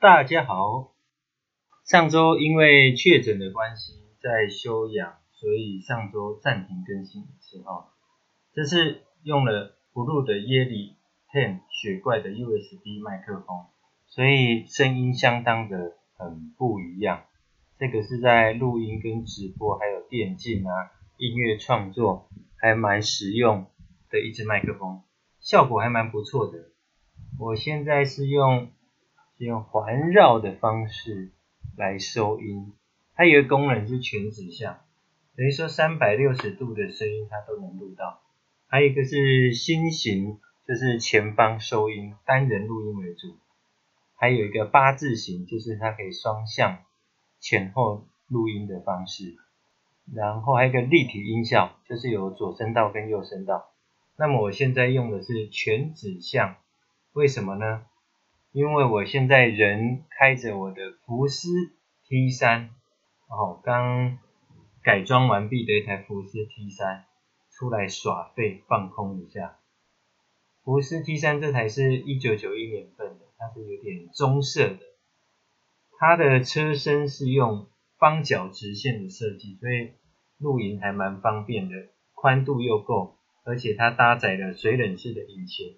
大家好，上週因為確診的關係在休養，所以上週暫停更新一次哦。這次用了 Blue 的 Yeti 雪怪的 USB 麥克風，所以聲音相當的很不一樣。這個是在錄音、跟直播、還有電競啊、音樂創作還蠻實用的一支麥克風，效果還蠻不錯的。我現在是用。用環繞的方式來收音，它有一個功能是全指向，等於說三百六十度的聲音它都能錄到。還有一個是心形，就是前方收音，單人錄音為主。還有一個八字形，就是它可以雙向前後錄音的方式。然後還有一個立體音效，就是有左聲道跟右聲道。那麼我現在用的是全指向，為什麼呢？因為我現在人開着我的福斯 T3，哦，剛改裝完畢的一台福斯 T3 出來耍廢，放空一下。福斯 T3 這台是1991年份的，它是有點棕色的，它的車身是用方角直線的設計，所以露營還蠻方便的，寬度又夠，而且它搭載了水冷式的引擎。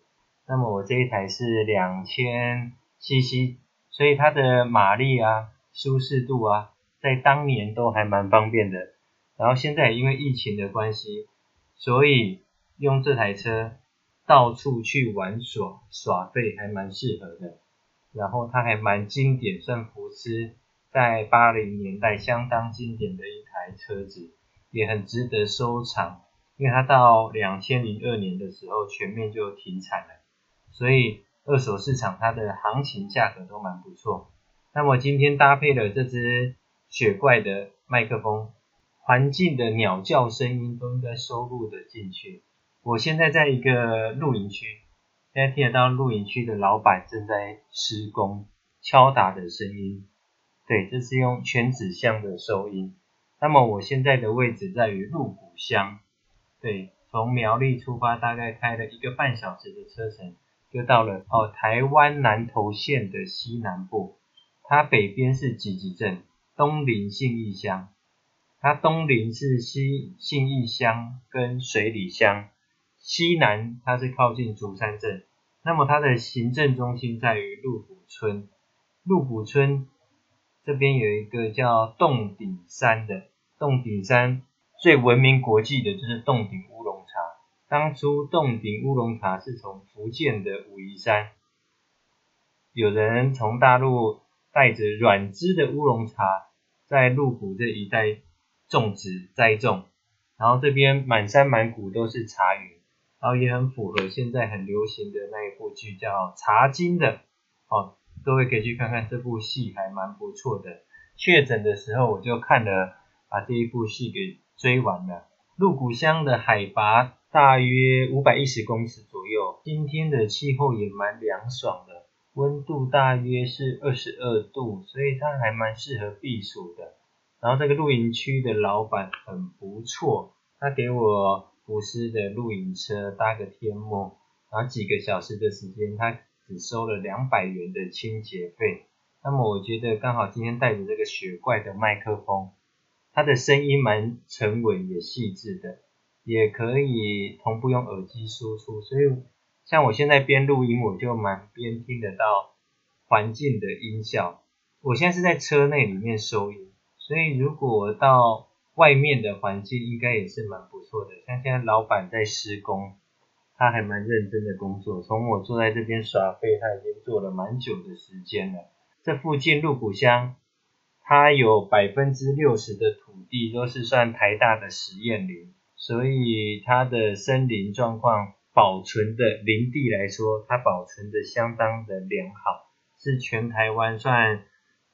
那麼我這一台是兩千 cc，所以它的馬力啊、舒適度啊，在當年都還蠻方便的。然後現在也因為疫情的關係，所以用這台車到處去玩耍耍廢還蠻適合的。然後它還蠻經典，算福斯在八零年代相當經典的一台車子，也很值得收藏，因為它到兩千零二年的時候全面就停產了。所以二手市場它的行情價格都蠻不錯。那麼今天搭配了這隻雪怪的麥克風，環境的鳥叫聲音都應該收錄得進去。我現在在一個露營區，大家聽得到露營區的老闆正在施工，敲打的聲音。對，這是用全指向的收音。那麼我現在的位置在於鹿谷鄉，對，從苗栗出發大概開了一個半小時的車程。就到了哦，台灣南投縣的西南部，它北邊是集集鎮，東鄰信義鄉，它東鄰是西信義鄉跟水裡鄉，西南它是靠近竹山鎮，那麼它的行政中心在於鹿谷村，鹿谷村這邊有一個叫凍頂山的，凍頂山最聞名國際的就是凍頂。當初洞頂烏龍茶是從福建的武夷山，有人從大陸帶着軟枝的烏龍茶，在鹿谷這一帶種植栽種，然後這邊滿山滿谷都是茶園，然後也很符合現在很流行的那一部劇叫《茶金》的，哦，各位可以去看看這部戲還蠻不錯的。確診的時候我就看了，把這一部戲給追完了。鹿谷鄉的海拔。大約五百一十公尺左右，今天的氣候也蠻涼爽的，溫度大約是二十二度，所以它還蠻適合避暑的。然後這個露營區的老闆很不錯，他給我福斯的露營車搭個天幕，然後幾個小時的時間，他只收了兩百元的清潔費。那麼我覺得剛好今天帶着這個雪怪的麥克風，它的聲音蠻沉穩也細緻的。也可以同步用耳機輸出，所以像我現在邊錄音，我就蠻邊聽得到環境的音效。我現在是在車內裡面收音，所以如果到外面的環境應該也是蠻不錯的。像現在老闆在施工，他還蠻認真的工作。從我坐在這邊耍廢，他已經做了蠻久的時間了。這附近鹿谷鄉，它有百分之六十的土地都是算台大的實驗林。所以它的森林狀況、保存的林地來說，它保存的相當的良好，是全台灣算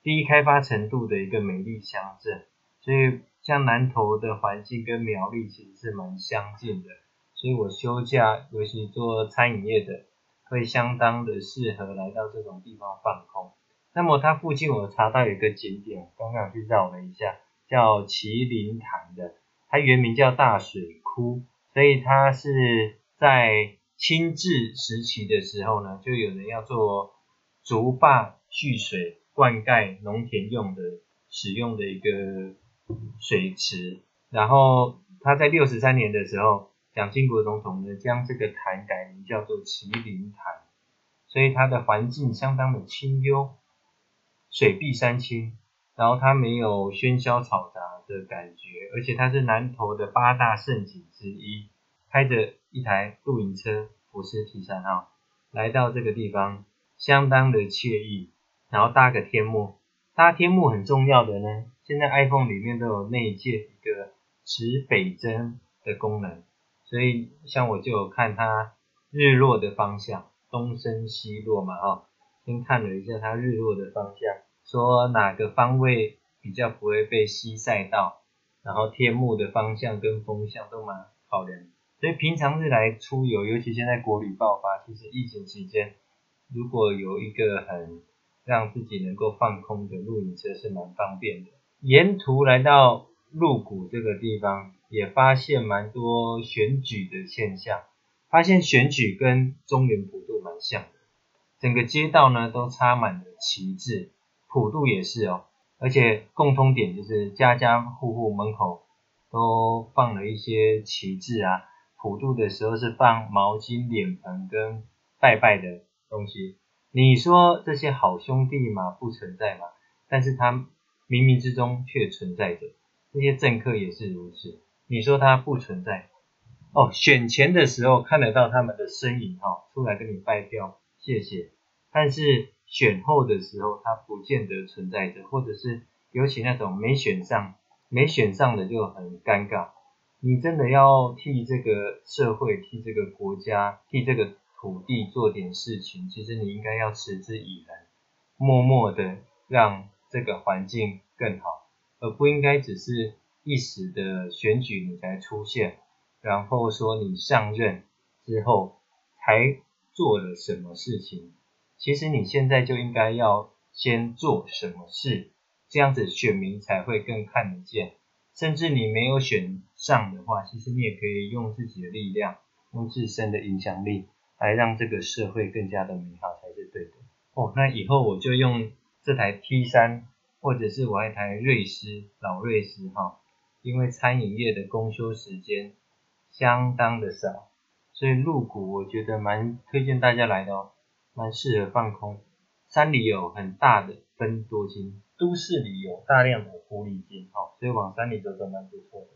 低開發程度的一個美麗鄉鎮。所以像南投的環境跟苗栗其實是蠻相近的，所以我休假尤其做餐飲業的，會相當的適合來到這種地方放空。那麼它附近我查到有一個景點，剛剛去繞了一下，叫麒麟潭的。它原名叫大水窟，所以它是在清治時期的時候呢，就有人要做竹壩蓄水灌溉農田用的使用的一個水池。然後他在六十三年的時候，蔣經國總統呢，將這個潭改名叫做麒麟潭，所以它的環境相當的清幽，水碧山青，然後它沒有喧囂吵雜的感覺，而且它是南投的八大勝景之一。開着一台露營車，福斯 T 三啊，來到這個地方，相當的愜意。然後搭個天幕，搭天幕很重要的呢。現在 iPhone 裡面都有內建一個指北針的功能，所以像我就有看它日落的方向，東升西落嘛，哈、哦。先看了一下它日落的方向，說哪個方位。比較不會被西晒到，然後天幕的方向跟風向都蠻好的。所以平常日來出遊，尤其現在國旅爆發，其實疫情期間，如果有一個很讓自己能夠放空的露營車是蠻方便的。沿途來到鹿谷這個地方，也發現蠻多選舉的現象，發現選舉跟中原普渡蠻像的，整個街道呢都插滿了旗幟，普渡也是哦。而且共通點就是家家戶戶門口都放了一些旗幟啊，普渡的時候是放毛巾、臉盆跟拜拜的東西。你說這些好兄弟嘛不存在嘛？但是他冥冥之中卻存在着，這些政客也是如此。你說他不存在？哦，選前的時候看得到他們的身影哦，出來跟你拜票，謝謝。但是。選後的時候，它不見得存在着，或者是尤其那種沒選上、沒選上的就很尷尬。你真的要替這個社會、替這個國家、替這個土地做點事情，其實你應該要持之以恆，默默的讓這個環境更好，而不應該只是一時的選舉你才出現，然後說你上任之後還做了什麼事情。其實你現在就應該要先做什麼事，這樣子選民才會更看得見。甚至你沒有選上的話，其實你也可以用自己的力量，用自身的影響力來讓這個社會更加的美好才是對的。哦，那以後我就用這台 T3，或者是我還一台瑞斯、老瑞斯，哈，因為餐飲業的公休時間相當的少，所以入股我覺得蠻推薦大家來的哦。蠻適合放空，山裡有很大的芬多精，都市裡有大量的狐狸精，好、哦，所以往山裡走走蠻不錯。